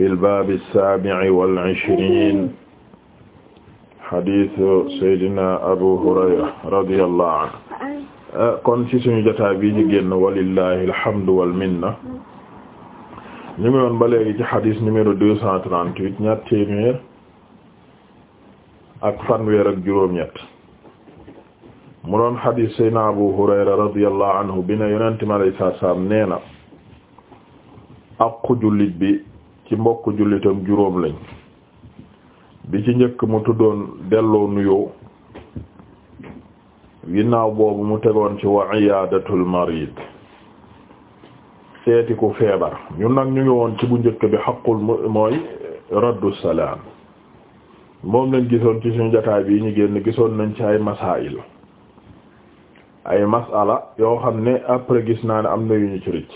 fi lbaabi saabi'i wal ishriin xadiisu Seydina Abu Hurayra radiyallahu anhu kon ci suñu jotaay bii ñu génn walillahi alhamdu wal minna ñu ngi woon ba léegi ci xadiis numéro deux cent trente-huit ñaar téeméer ak fanweer ak juróom-ñett mu doon xadiis Seydina Abu Hurayra radiyallahu anhu bi ne Yonent mi alayhi salaam nee na aqu jullit bi ci mbokk jullitam juróom lañ bi ci njëkk mu tuddoon delloo nuyoo ginnaaw boobu mu tegoon ci wa iyaadatul marid seeti ku feebar ñun nag ñu ngi woon ci bu njëkk bi xaqul mooy raddu salaam moom lañ gisoon ci suñu jotaay bi ñu génn gisoon nañ ci ay masail ay masala yoo xam ne après gis naa ne am na yu ñu ci rëcc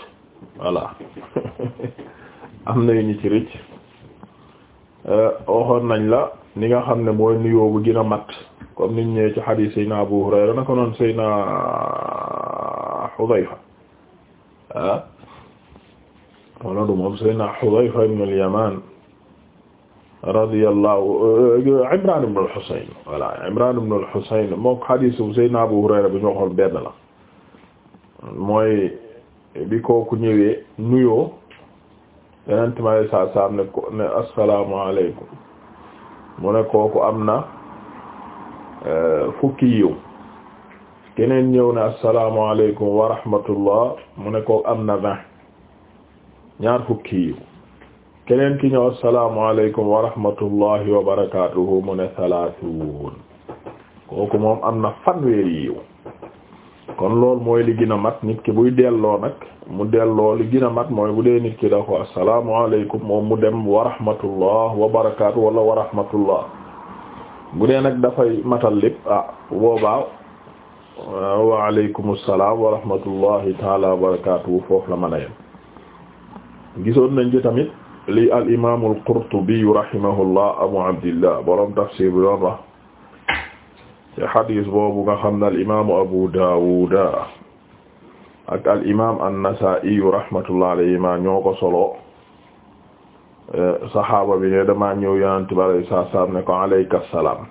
voilà am na yu ñu ci rëcc euh, nañ la ni nga xam ne mooy nuyoo bu gën a mat comme niñ ñëwee ci xadiis Seydina Abu Hurayra naka noon Seydina Xudayfa ah wala du moom Seydina Xudayfa ibn al-Yamaan radiyallahu euh, Imraan ibn al-Husayn voilà Imraan ibn al-Husayn xadiis bu Abu Hurayra bi ñu waxoon benn mooy bi kooku ñëwee nuyoo yeneen tamit saa saa ne ko ne asalaamaaleykum mu ne kooku am na eh, fukki yiw keneen ñëw ne asalaamaaleykum wa rahmatullah mu ne kooku am na vingt ñaar fukki keneen ki ñëw asalaamaaleykum wa rahmatullahi wa barakaatuhu mu ne salaatuun kooku moom am na fanweeri yiw. kon loolu mooy li gina mat nit ki buy delloo nag mu delloo li gën mat mooy bu dee nit ki da ko asalaamaaleykum moom mu dem wa rahmatullah wa barakaatu wala wa rahmatullah bu dee nag dafay matal lépp ah boobaa wa aleykum salaam wa rahmatullahi barakaatu foofu la mën a gisoon nañ ci tamit li al imaamul Qurtubi rahimahullah abu abdillah borom tafsir bi doon wax ci xadis boobu nga xam ne al imaamu Abu Dawud ak al imaam an-Nasaa'i rahmatullah alayhima ñoo ko solo saxaaba bi ne damaa ñëw yonent bi alayhi salaatu salaam ne ko alayka salaam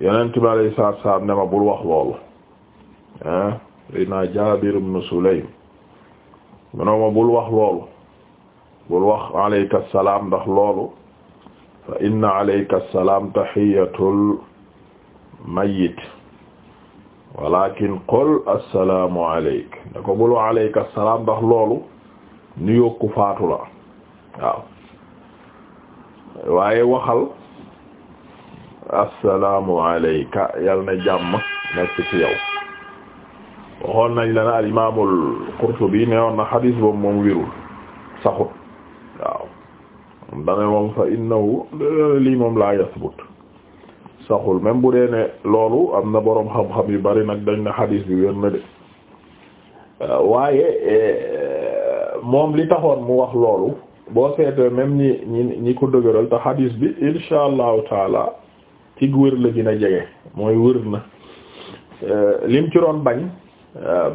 yonent bi alayhi salaatu salaam ne ma bul wax loolu ah lina Jaabir ibn Sulaym mu ne ma bul wax loolu bul wax alayka salaam ndax loolu fa inna alayka salaam tahiyatul mayit walakin qul assalaamu alayk ne ko bul wa alayka assalaam ndax loolu nu yokku faatu la waaye waxal assalaamu alayka yal na jàmm nekk ci yow waxoon nañ la ne al Qurtubi ne woon xadiis boobu moom wirul saxut waaw dane moom fa innahu lii moom laa yasbut saxul même bu dee ne loolu am na boroom xam-xam yu bari nag dañ na xadiis bi wér na de euh, waaye euh, moom li taxoon mu wax loolu boo seetee même ñi ñi ñi ko dëgëral te xadiis bi insha allahu taala ci wër la gën jege mooy wër na euh, lim ci doon bañ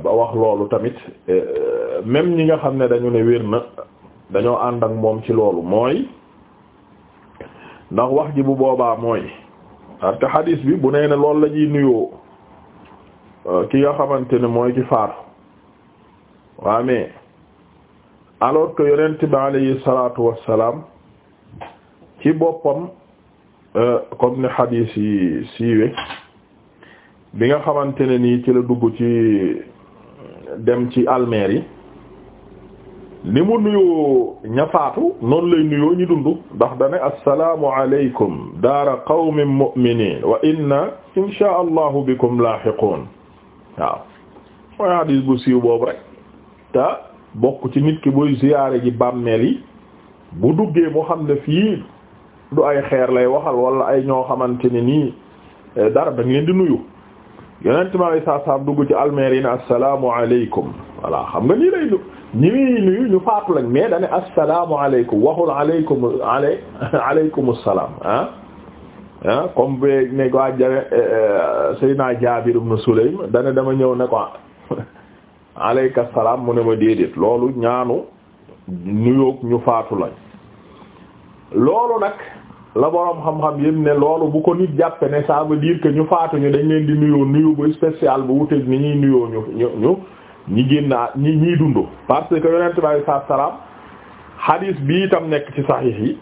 ba wax loolu tamit même ñi nga xam ne dañu ne wér na dañoo ànd ak moom ci loolu mooy ndax wax ji bu boobaa mooy parce que bi bu nee ne loolu la ñuy nuyoo euh, ki nga xamante ni mooy ci faatu waa mais alors que yonent bi alayhi salaatu wassalaam ci boppam euh, comme ni hadis yi siiwe bi nga xamante ne nii ci la dugg ci dem ci almeer yi li mu nuyoo ña noonu lay nuyoo ñi dund ndax dane assalaamu alaykum daara qawmin mu'minin wa inna insha allahu bikum laahiqun waaw mooy hadis bu siiw boobu rek te bokk ci nit ki buy ziyaare ji bàmmeel yi bu duggee mu xam ne fii du ay xeer lay waxal wala ay ñoo xamante ne nii eh, dara da ngeen di nuyu yonent ma lay saa saa dugg ci almeer yi ne assalaamu alaykum voilà xam nga nii lay ñi ngi nuyu ñu faatu lañ mais dañ ne assalaamu aleykum waxul aleykum aley aleykum salaam ah ah comme be ne ko jane eh, eh, Jaabir ibn Sulaym dane dama ñëw ne ko aleyka salaam mu ne ma déedéet loolu ñaanu nuyook ñu faatu lañ loolu nag la boroom xam-xam yëpp ne loolu bu ko nit jàppe ne ça veut dire que ñu faatuñu dañ leen di nuyoo nuyu bu spécial bu wuteeg ni ñuy nuyoo ñu ñu ñi génnaa ñi ñiy dund parce que yonent bi saa salaam hadis bi itam nekk ci saxiix yi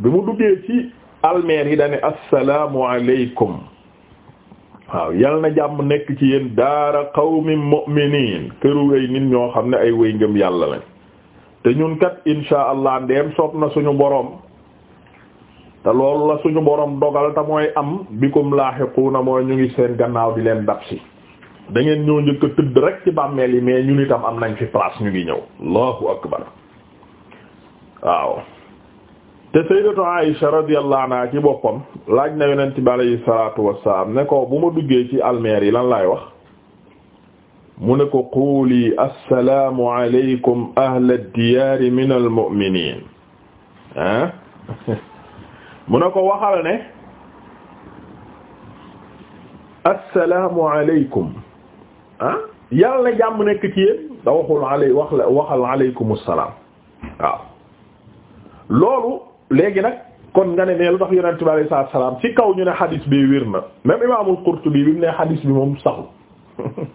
bi mu duggee ci almeer yi dane assalaamu alaykum waaw yal na jàmm nekk ci yéen daara qawmin mu'minin këru ay nit ñoo xam ne ay wéy ngëm yàlla lañ te ñun kat insha allah ndeem soob na suñu boroom te loolu la suñu boroom dogal te mooy am bikum laaxiquuna mooy ñu ngi seen gannaaw di leen dab si dangeen ngeen ñëw njëkk a tëdd rek ci bàmmeel yi mais ñun itam am nañ fi place ñu ngi ñëw allahu akbar waaw te sayyidatu Aisha radiyallahu anha ci boppam laaj na yonent bi alayhi salaatu wassalaam ne ko bu ma duggee ci almeer yi lan laay wax mu ne ko quuli assalaamu alaykum ah mu ne ko waxal ne assalaamu alaykum ah yàlla na jàmm nekk ci yéen da waxul alay wax la waxal aleykum salaam waaw loolu léegi nag kon nga ne nee lu tax yonent bi alayhi salaatu salaam ci kaw ñu ne xadis bi wér na même imaamul Qurtubi bi mu ne xadis bi moom saxul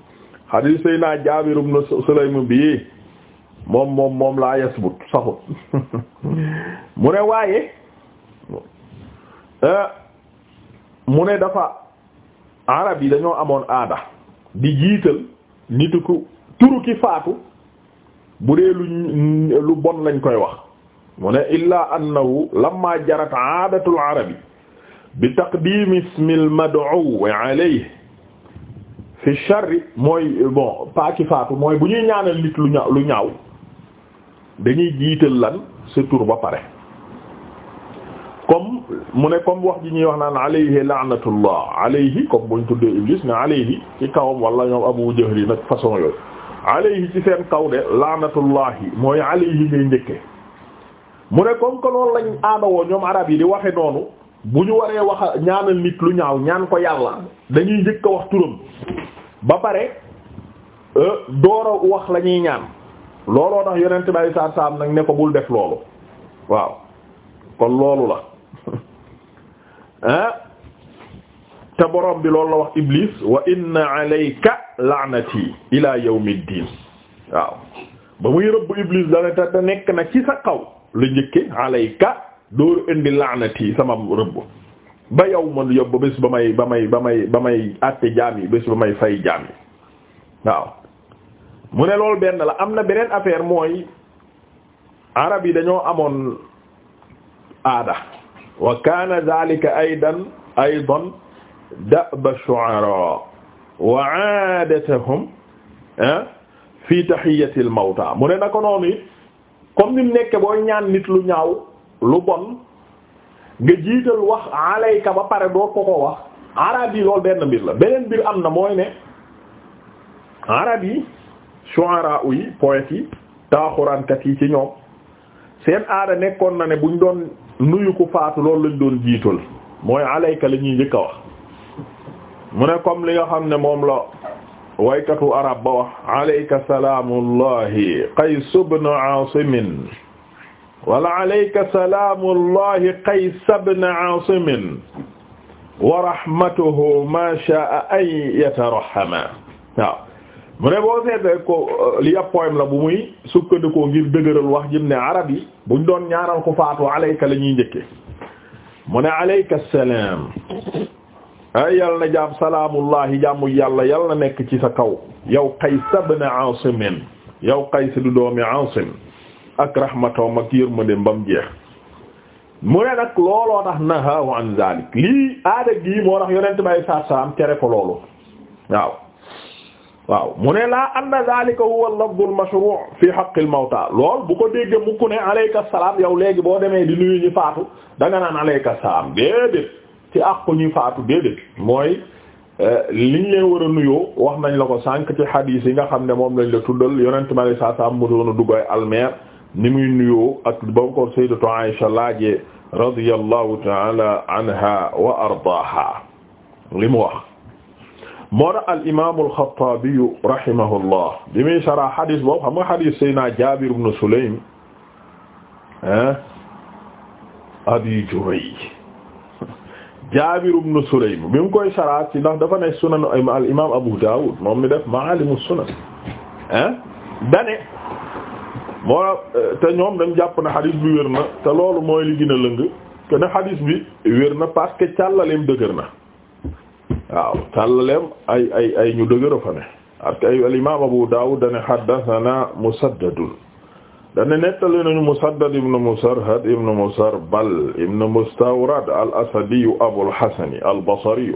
xadis say naa Jaabir ibn Sulaym bi moom moom moom laa yasbut saxul mu ne waaye eh, mu ne dafa arab yi dañoo amoon aada di jiital nitu ku turu ki faatu bu dee lu lu bon lañ koy wax mu ne illaa annahu lamma jarat aadatu arabi bi taqdim ismi al mad'u alayhi fi sharri mooy bon paaki faatu mooy bu ñuy ñaanal nit ñaaw lu ñaaw dañuy jiital lan sa tur ba pare mu ne comme wax ji ñuy wax naan alayhi laanatullah alayhi comme buñ tuddee iblis ne alayhi ci kawam wala ñoom abu jahli nag façon yooyu alayhi ci seen kaw de laanatullahi mooy alayhi ngay njëkke mu ne comme que noonu lañ aadawoo ñoom arab yi di waxe noonu bu ñu waree wax ñaanal nit lu ñaaw ñaan ko yàlla dañuy njëkk a wax turam ba pare euh, door wax la ñuy ñaan looloo tax yonent bi sallallahu alayhi wasallam nag ne ko bul def loolu waaw kon loolu la Ah, te boroom bi loolu la wax Iblis wa inna alayka laanati ila yawmiddin waaw ba muy rëbb Iblis dana te te nekk na ci sa kaw la njëkke alayka dooru indi laanati sama rëbb ba yow man yóbbu bés ba may ba may ba may àtte jaam yi bés ba may fay jaam yi waaw mu ne loolu benn la am na beneen affaire mooy arab yi dañoo amoon aada wa kaana zaalika aydan aydan da'ba shu'araa wa 'aadatahum fi tahiyyatil mawtaa mu ne naka noonu it comme ni mu nekk boo ñaan nit lu ñaaw lu bon nga jiital wax alayka ba pare doo ko ko wax arab yi loolu benn mbir la beneen mbir am na mooy ne arab yi shu'araa yi poètes yi taaxuraankat yi ci ñoom seen aada nekkoon na ne buñ doon. nuyu ku faatu loolu lañ doon jiital mooy alayka la ñuy njëkk a wax mu ne comme li nga xam ne moom la waykatu arab ba wax alayka salaamullahi qays ibn aasim wala alayka salaamullahi qays ibn aasim wa rahmatuhu ma sha'a an yatarahama waaw mu ne boo seetee ko euh, li ab la bu muy sukkandikoo ngir dëgëral wax jëm ne arab yi buñ doon ñaaral ko faatu alayka la ñuy njëkke mu ne alayka salaam ay yal na jaam salaamullahi jaamu yàlla yal na nekk ci sa kaw yow Qays ibn Aasim yow Qays du doomi Aasim ak rahmatom ak ba bam jeex mu ne nag looloo tax nahahu an zalik lii aada gii moo tax yonent bi sallallahu alayhi wasallam tere ko loolu waaw waaw mu ne laa anna zalika huwa al-lafdhu al-mashru' fi bu ko déggee mukk ne aleyka salaam yow léegi boo demee di nuyu ñu faatu da nga naan aleyka salaam déedéet ci àqu ñu faatu déedéet mooy eh, liñ leen war a nuyoo wax nañ la ko sànq ci hadith yi nga xam ne moom lañ la tuddal yonent ma lay saa salaam mu doon a dugg almeer ni muy nuyoo ak ba ko sayyidatu Aisha laajee radiyallahu ta'ala anha wa ardaaha li mu wax. moo tax al imaamul Xattaabi rahimahullah bi muy xam nga xadis Seydina Jaabir ibn Sulaym ah Abi Jurayj Jaabir ibn Sulaym bi mu koy sarah ci ndax dafa nekk sunan al Abu Daawud moom mi def Maalimu Sunan ah dane moo te ñoom dañ jàpp na xadis bi wér na te loolu mooy li gën a lëng que ne bi wér na parce que càllaleem dëgër na. waaw tàllaleem ay ay ay ñu dëgër fa ne parce que ay al imaam Abu Daawud dane haddathana Musaddadun dane nettali nañu Musaddad ibn Musarhad ibn Musarbal ibn Mustawrad al-Asadi Abul Hasan al-Basri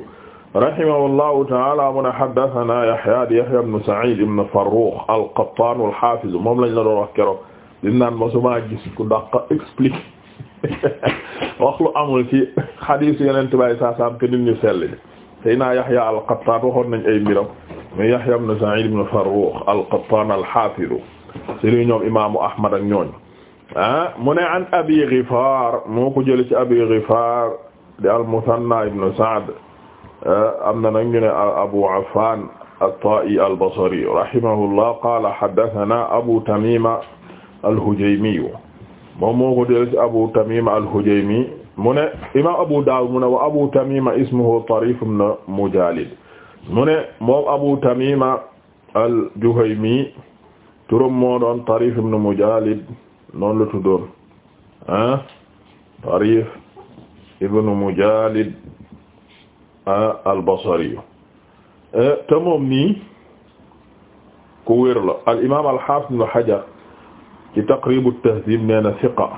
rahimahullahu ta'ala mu ne haddathana Yahya di Yahya ibn Sa'id ibn Farrukh al-Qattan al-Hafiz moom lañ la doon wax keroog di naan ma su ma gis ku dàqa explique wax lu amul ci hadiis yeneen tubaab yi saa saa am que nit ñu sell Seydina Yahya al-Qattan waxoon nañ ay mbiram mais Yahya ibn Sa'id ibn Farrukh al-Qattan al-Hafiz sëriñ ñoom imaamu Ahmad ak ñooñ ah mu ne an Abi Ghifar moo ko jëlee ci Abi Ghifar di al-Muthanna ibn Sa'd ah, am na nag ñu ne Abu Affan at-Ta'i al-Basri rahimahullah qala haddathana Abu Tamima al-Hujaymi moom moo ko jëlee ci Abu Tamima al-Hujaymi mu ne imam Abu Dawud mu ne wa Abu Tamima ismuhu Tarif ibn Mujalid mu ne moom Abu Tamima al-Juhaymi turam moo doon Tarif ibn Mujalid noonu la tuddoon ah Tarif ibn Mujalid ah, al-Basri eh, te moom nii ku wér la al imam al-Hafiz ibn Hajar ci Taqrib at-Tahdhib nee na thiqa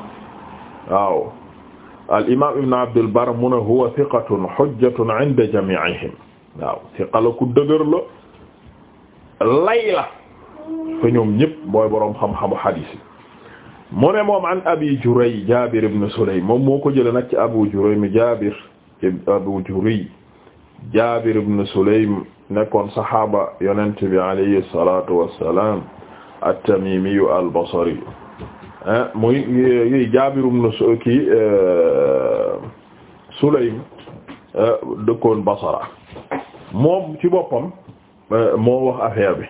waaw al imaam ibn Abdul Barr mu ne huwa thiqatun hujjatun inda jami'ihim waaw thiqa la ku dëgër la lay la fa ñoom ñëpp mooy boroom xam-xamu hadiis yi mu ne moom an Abi Juray Jaabir ibn Sulaym moom moo ko jëlee nag ci Abu Juray mi Jaabir Abu Juray Jaabir ibn Sulaym nekkoon saxaaba yonent bi alayhi salaatu wa salaam at-Tamiimi al-Basri Ah muy yi jaabirum na su kii eh, Sulaym eh, dëkkoon moom ci boppam eh, moo wax affaire bi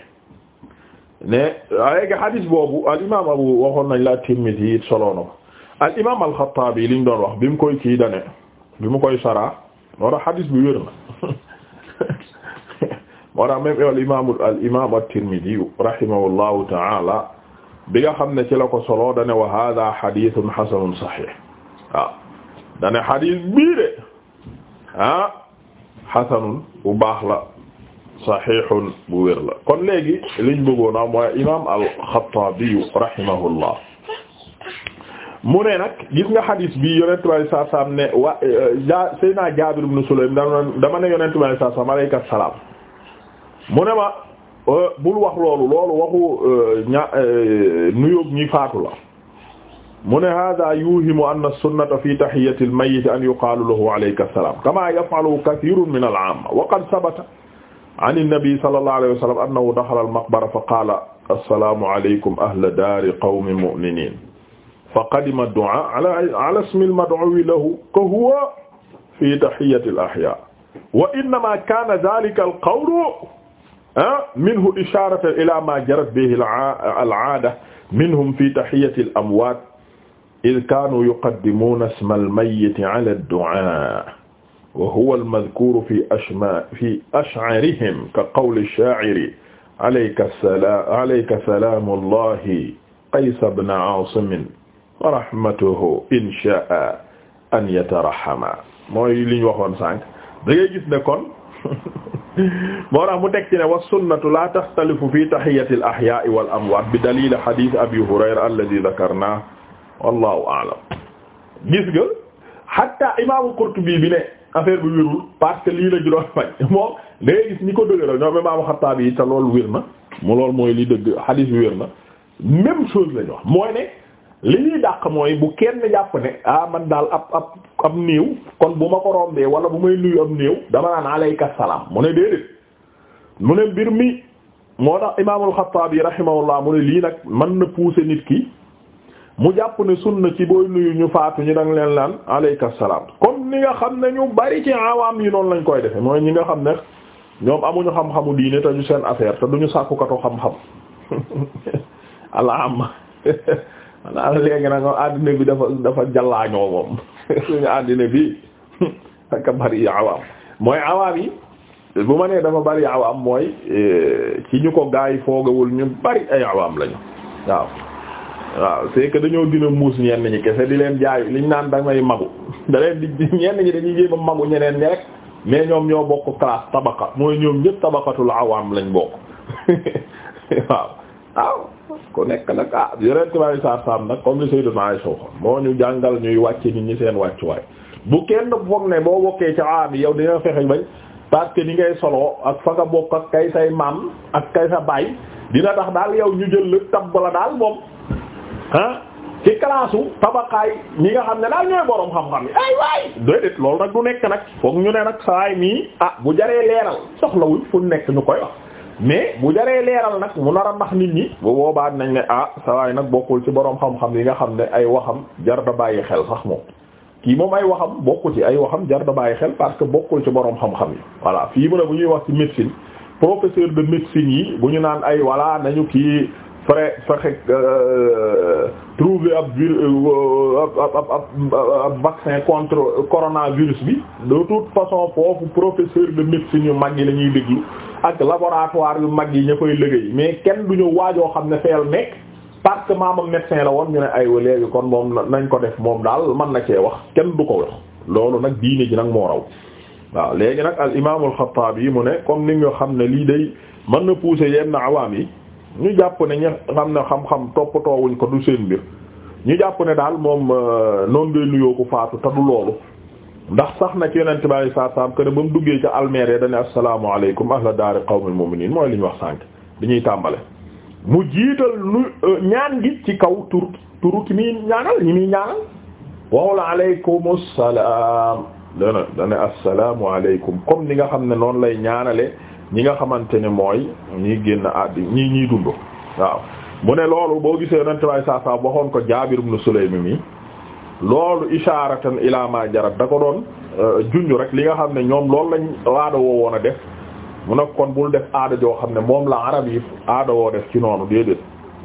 ne ah, léegi hadis boobu al imaam abu waxoon nañ la Tirmidhi it solo na ko al imaam al-Khattabi liñ doon wax bi mu koy kii dane bi mu koy saraa moo tax bi wér na moo al imaam al imaam at ta'ala bi nga xam ne ci la ko solo dane wa hada xadithun xasanun saxix waaw dane xadis bii de ah xasanun bu baax la saxixun bu wér la kon léegi liñ bëggoona mooy imam alxataabiyu rahimahullah mu ne nag gis nga xadis bi yonent bi alayhi salaatu salaam ne wa eh, ja Seydina Jaabir ibn Sulaym dama yonent bi alayhi salaatu mu ne ma Euh, bul wax loolu loolu waxu euh, ña euh, nuyóog ñi faatu la mu ne hada yuhimu anna sunnata fi tahiyyati al-mayyit an yuqaalu lahu alayka salaam kama yaf'alu kathirun min al-'amma wa qad thabata 'an an-nabi sallallahu alayhi wa sallam annahu dakhala al-maqbara fa qaala assalaamu alaykum ahla daari qawmin mu'miniin fa qadima ad-du'aa 'ala ismi al-mad'uuwi lahu ka huwa fi tahiyyati al-ahyaa wa innamaa kaana dhaalika al-qawlu Ah minhu isharatan ila ma jarat bihi al-aada minhum fi tahiyyati al-amwaat iz kaanu yuqaddimuuna isma al-mayyiti ala ad-du'aa wa huwa al-madhkuuru fi ashma fi ash'arihim ka qawli ash-shaa'iri alayka salaam alayka salaamu llaahi Qays ibn Aasim wa rahmatuhu in shaa'a an yatarahhamaa mooy li ñu waxoon sànq da ngay gis ne kon. moo tax mu teg ci ne wa sunnatu la taxtalifu fi tahiyyati al ahya'i wal amwaat bi dalil hadith abi hurayra alladhi dhakarna wallahu a'lam gis nga hatta imaamu Qurtubi bi ne affaire bi wérul parce que lii la juróom fañ moom léegi gis ñi ko dëgëral ñoom imaamu Xattaabi yi te loolu wér na mu loolu mooy li dëgg hadith bi wér na même chose lañu wax mooy ne li ñuy dàq mooy bu kenn jàpp ne ah man daal ab ab néew kon bu ma ko rombee wala bu may nuyu ab néew dama naan aleyka salaam mu ne déedéet mu ne mbir mi moo tax imaamul Xattaabi rahimahullah mu ne lii nag man na pousser nit ki mu jàpp ne sunna ci booy nuyu ñu faatu ñu danga leen laan aleyka salaam comme ni nga xam ne ñu bari ci awaam yi noonu lañ koy defe mooy ñi nga xam ne ñoom amuñu xam-xamu diine te ñu seen affaire te duñu sàkkukatu xam-xam alaama xanaa léegi nag àddina bi dafa dafa jallaañoo moom suñu àddina bi aka bari awaam mooy awaam yi bu ma nee dafa bari awaam mooy e, ci ñu ko gaa yi foogawul ñu bari ay awaam lañu waaw waaw c'est que dañoo gën a muus ñenn ñi kese di leen jaay liñ naan damay magu da leen di ñenn ñi dañuy jéem magu ñeneen ñi rek mais ñoom ñoo bokk classe tabaqa mooy ñoom ñëpp tabaqatul awaam lañ bokk waaw waaw ku nekk nag ah yonent bi alayhi salaatu salaam nag comme li Sayyidatu Aisha moo ñu jàngal ñuy wàcce nit ñi seen wàccuwaay bu kenn foog ne boo bokkee ci aam yow dina fexe bañ parce que ni ngay solo ak fa nga bokk ak kay say maam ak kay sa baay dina tax daal yow ñu jël lu tabb la daal moom ah ci classe u tabakaay ñi nga xam ne daal ñooy borom xam-xam yi ay waay déedéet loolu du nekk nag foog ñu ne nag saay mii ah bu jaree leeral soxlawul fu nekk ñu koy mais bu jaree leeral nag mu nar a nax nit ñi bu boobaa nañ ne ah sawaay nag bokkul ci boroom xam-xam yi nga xam ne ay waxam jar da bàyyi xel sax moom kii moom ay waxam bokku ci ay waxam jar da bàyyi xel parce que bokkul ci boroom xam-xam yi voilà fii mu ne bu ñuy wax ci médecine professeur de médecine yi bu ñu naan ay voilà nañu kii fexe fexe euh, trouver ab vir euh, ab ab ab vaccin contre coronavirus bi de toute façon foofu professeur de médecine yu mag yi la ñuy déglu ak laboratoire yu mag yi ña fay liggéey mais kenn du ñu waajoo xam ne feel nekk parce que maamam médecin la woon ñu ne aywa léegi kon moom nañ ko def moom daal mën na cee wax kenn du ko wax loolu nag diine ji nag moo raw waaw léegi nag al imaamul Xattaabi mu ne comme ni nga xam ne lii day mën na pousser na awaam yi. ñu jàpp ne ña xam ne xam-xam toppatoowuñ ko du seen mbir ñu jàpp ne daal moom euh, noonu ngay nuyoo ko faatu te du loolu ndax sax na ci yonent bi alayhi salaatu salaam que ne ba mu duggee ca almeere dane asalaamaaleykum ahla daari qawmil mu'miniin mooy li ñu wax sànq dañuy tàmbale mu jiital nu euh, gi ci kaw tur turu ki muy ñaanal ñi muy ñaanal waxula aleykum comme ni nga xam ne noonu lay ñaanale ñi nga xamante ne mooy ñi génn àddi ñi ñiy dund waaw mu ne loolu boo gisee yonente way saa saa waxoon ko Jaabir ibn Sulaym mi loolu isharatan ila ma jarat da ko doon euh, junj rek li nga xam ne ñoom loolu lañ aada woo woon a def mu ne kon bul def aada joo xam ne moom la arab yi aada woo def ci noonu déedéet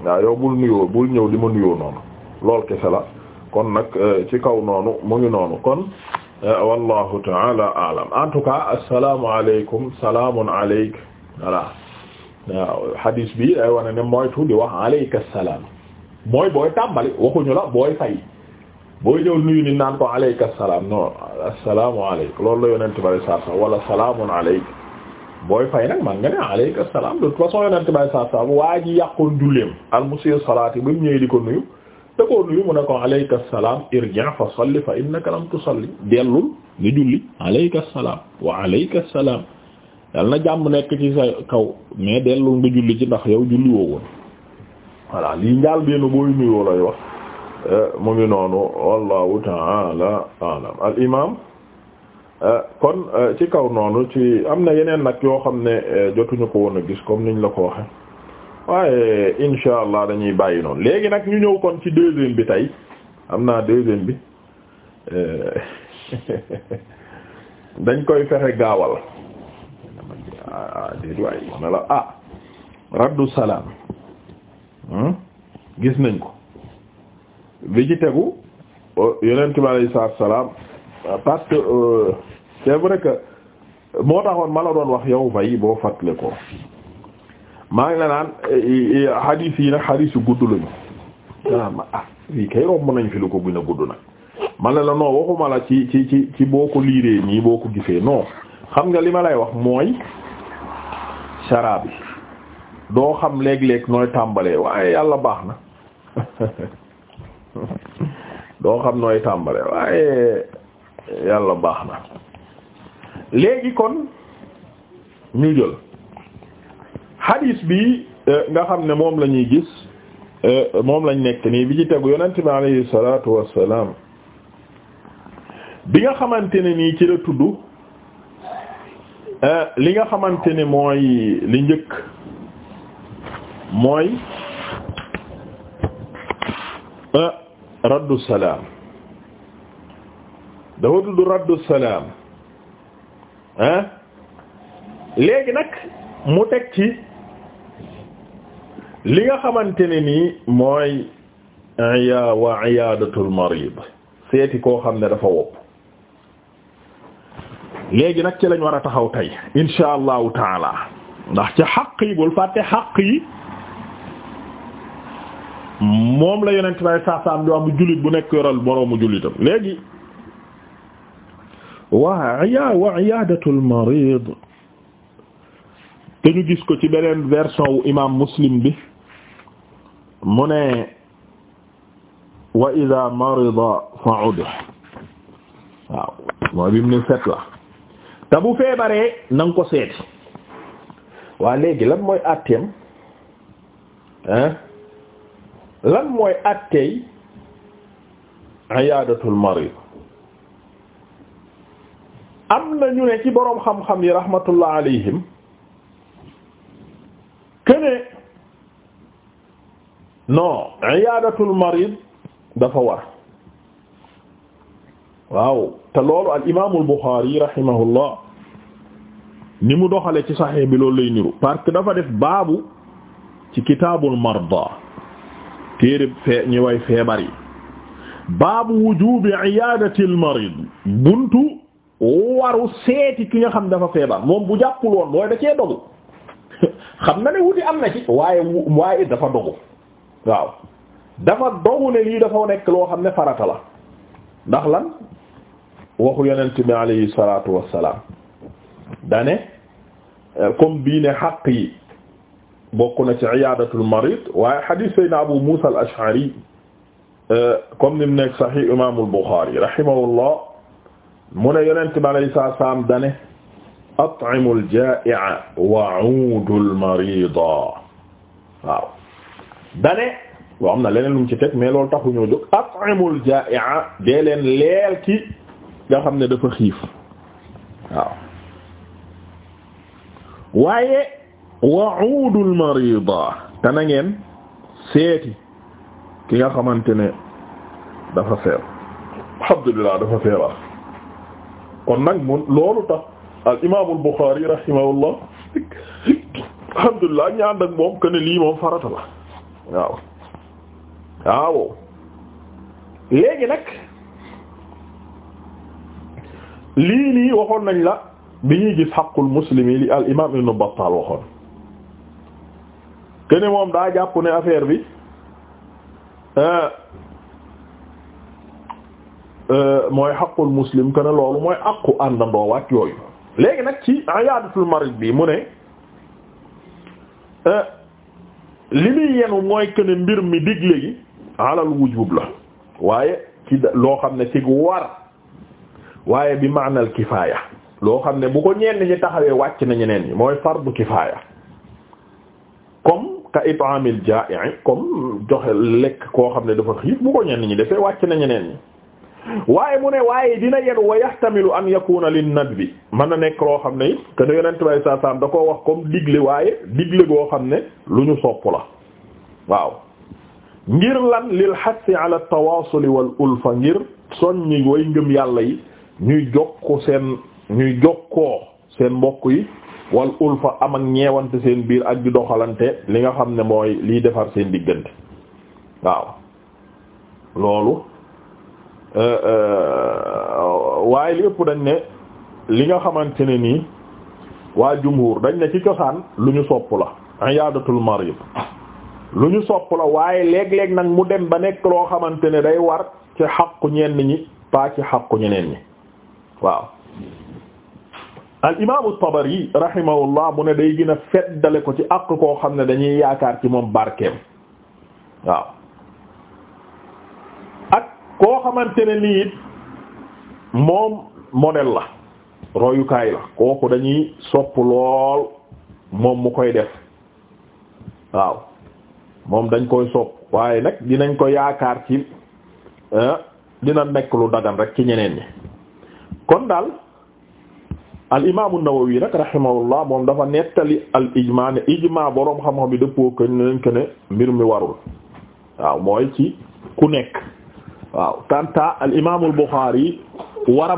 waaw yow bul nuyoo bul ñëw di ma nuyoo noonu loolu kese la kon nag euh, ci kaw noonu mu ngi noonu kon Euh, wallahu taala alam en tout cas assalaamu aleykum salaamun aleyk voilà bi day wane ne moytu di wax aleyka salaam mooy booy tàmbali waxuñu la booy fay booy ñëw nuyu ni naan ko aleyka salaam non aleyk loolu la yonent bari saa saa wala salaamun aleyk booy fay nag man nga ne aleyka salaam de toute façon yonent bari saa saa waa ji yàqoon julleem al musii salaati ba mu ñëwee ko nuyu da koo nuyu mu ne ko alayka salaam irji' fa salli fa innaka lam tusalli dellul nga julli alayka salaam wa alayka salaam yal na jàmm nekk ci sa kaw mais dellul nga julli ci ndax yow julli woo woon voilà lii njaal benn booy nuyoo lay wax eh, mu ngi noonu wallahu ta'ala a'lam al imam eh, kon eh, ci kaw noonu ci am na yeneen nag yoo xam ne jotuñu ko woon a gis comme niñ la ko waxe waaye insha allah dañuy bàyyi noonu léegi nag ñu ñëw kon ci deuxième bi tey am naa deuxième bi eh, dañ koy fexe gaawal ah déedéet waay ma ne ah, raddu salaam hmm? gis nañ ko bi ci tegu oh, yonent bi alayhi salaatu salaam parce que euh, c'est moo taxoon ma la doon wax yow fay boo fàttale ko maa ngi la naan hadith eh, eh, yi nag hadith yu gudd lañu danaan ah lii kay romb nañ fi lu ko gën a gudd nag man la la non waxuma la ci ci ci ci boo ko liiree nii boo ko gisee non xam nga li ma lay wax mooy sara doo xam léeg-léeg nooy tàmbalee waaye yàlla baax na doo xam nooy tàmbalee waaye yàlla baax na léegi kon ñu jël hadith bi euh, nga xam ne moom la ñuy gis euh, moom lañ nekk nii bi ci tegu yonent bi alayhi salaatu wassalaam bi nga xamante ne nii ci la tudd euh, li nga xamante ni mooy li njëkk mooy raddu salaam dafa tudd raddu salaam ah léegi nag mu teg ci li nga xamante ne nii mooy iya wa iyadatul marid koo xam ne dafa léegi nag ci lañ war a taxaw tey insha allahu taala ndax ci xaq yi bul fàtte xaq yi moom la yonent bay saasaam di wax bu jullit bu nekk yoral moroomu jullitam léegi waa iya wa iyadatul marid te ñu gis ko ci beneen version wu imam muslim bi mu ne wa ida marida fa'udu waaw mooy bi mu ne fet la te bu feebaree na nga ko seeti waa léegi lan mooy àtteem hein lan mooy àtteey iyaadatul marid am na ñu ne ci boroom xam-xam yi rahmatullah alayhim kene non iyadatul marid dafa war waaw te loolu al imaamul Buxaari rahimahullah ni mu doxale ci saxiix bi loolu lay niru parce que dafa def baabu ci kitaabul marda téere fee way feebar yi baabu wujubi iyadatil marid buntu waru seeti ki nga xam dafa feebar moom bu jàppul woon mooy da cee dogu xam na ne wuti am na ci waaye waaye dafa dogu waaw dafa dogu ne lii dafa nekk loo xam ne farata la ndax lan waxu yonent bi alayhi salaatu wassalaam dane comme bii ne xaq yi bokk na ci iyaadatul marid waaye xadiis sayna abu muusa al ash'ari comme ni mu nekk saxiix imaamul buxaari rahimahullah mu ne yonent bi alayhi salaatu wassalaam dane at'imul jaa'i'a wa'uudul marida waaw dane boo am na leneen lu mu ci teg mais loolu taxu ñoo jóg at'imul jaa'i'a dee leen leel ki nga xam ne dafa xiif waaw waaye wa'udul marida te na ngeen seeti ki nga xamante ne dafa feer alhamdulillah dafa feebar kon nag mun loolu tax al imam al Bukhari rahimahullah alhamdulillah ñaan ak moom que lii moom farata la waaw waaw léegi nag lii lii waxoon nañ la bi ñuy gis xaqul muslimi li al imaam ibn Battal waxoon te moom daa jàpp ne affaire bi euh, euh, mooy xaqul muslim que ne loolu mooy aqu àndandoo waat yooyu léegi nag ci ayaadatul marid bi mu ne euh, li muy yenu mooy que mbir mi digle gi alal wujub la waaye ci loo xam ne ci war waaye bi maanal kifaaya loo xam ne bu ko ñenn ñi taxawee wàcc na ñeneen ñi mooy fardu kifaaya comme ka it'amil jaa'i comme joxe lekk koo xam ne dafa xiif bu ko ñenn ñi defee wàcc na ñeneen ñi waaye mu ne waaye dina yenu wa yahtamilu an yakuna lin bi mën na nekk loo xam ne it que ne yonent bay saa da koo wax comme digle waaye digle goo xam ne lu ñu sopp la waaw ngir lan lil hassi ala tawaasuli wal ulfa ngir soññi way ngëm yàlla yi ñuy jokku seen ñuy jokkoo seen mbokk yi wal ulfa am ak ñeewante seen biir ak di doxalante li nga xam ne mooy liy defar seen diggante waaw loolu Euh, euh, waaye li ëpp dañ ne li nga xamante ne nii waa jumhur dañ ne ci cosaan lu ñu sopp la iyaadatul marid ñu sopp la waaye léeg-léeg nag mu dem ba nekk loo xamante ne day war ci xaqu ñenn ñi pas ci xaqu ñeneen ñi waaw al imaamu Tabari rahimahullah mu ne day gën a feddale ko ci àq koo xam ne dañuy yaakaar ci moom barkeem waaw koo xamante ne nii moom modèle la royukaay la kooku dañuy sopp lool moom mu koy def waaw moom dañ koy sopp waaye nag dinañ ko yaakaar ci eh, dina nekk lu dagan rek ci ñeneen ñi kon daal al imaamu Nawawi nag rahimahullah moom dafa nettali al ijmaa ne ijmaa boroom xam-xam bi dëppoo ko ne nañ ko ne mbir mi warul waaw mooy ci ku nekk waaw kanta al imaamul Buxaari